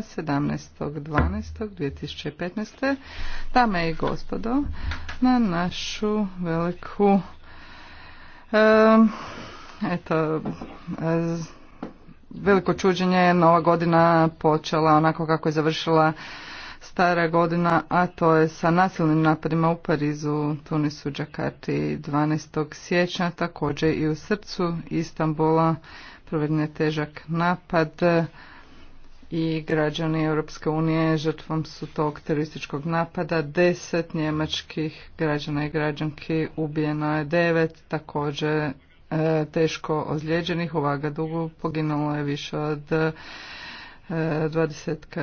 17.12.2015. Dame i gospodo, na našu veliku eto, veliko čuđenje nova godina počela onako kako je završila stara godina, a to je sa nasilnim napadima u Parizu, Tunisu, Džakarti 12. siječnja, također i u srcu Istambula. proveden je težak napad i građani Europske unije žrtvom su tog terorističkog napada. Deset njemačkih građana i građanki ubijeno je devet, također e, teško ozlijeđenih u dugo poginulo je više od e, dvadesetka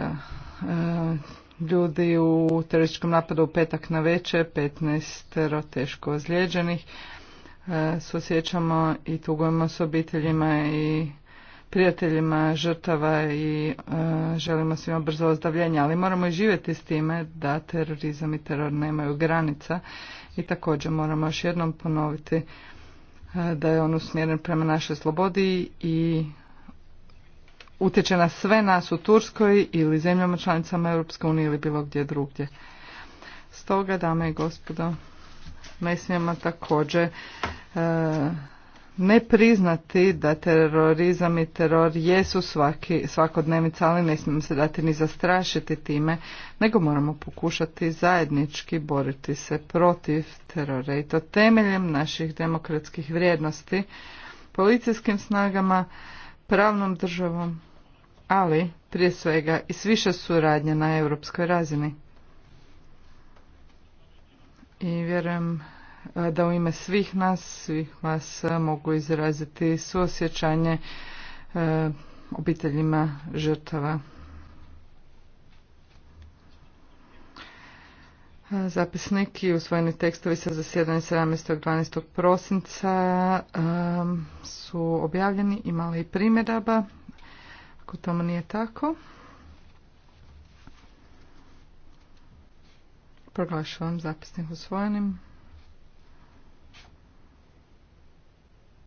e, ljudi u terorističkom napadu u petak na večer, 15 teško ozlijeđenih. Susjećamo i tugujemo s obiteljima i prijateljima žrtava i e, želimo svima brzo ozdravljenje, ali moramo i živjeti s time da terorizam i teror nemaju granica i također moramo još jednom ponoviti e, da je on usmjeren prema našoj slobodi i utječe na sve nas u Turskoj ili zemljama članicama Europske unije ili bilo gdje drugdje. Stoga, dame i gospodo, ne smijemo također e, ne priznati da terorizam i teror jesu svaki, svakodnevica, ali ne smijemo se dati ni zastrašiti time, nego moramo pokušati zajednički boriti se protiv terora i to temeljem naših demokratskih vrijednosti, policijskim snagama, pravnom državom, ali prije svega i s više suradnje na europskoj razini. I vjerujem da u ime svih nas, svih vas mogu izraziti suosjećanje obiteljima žrtava. Zapisnik i usvojeni tekstovi sa zasjedanje 17. 12. prosinca su objavljeni, imali i primjedaba, ako tomu nije tako. Proglašavam zapisnik usvojenim.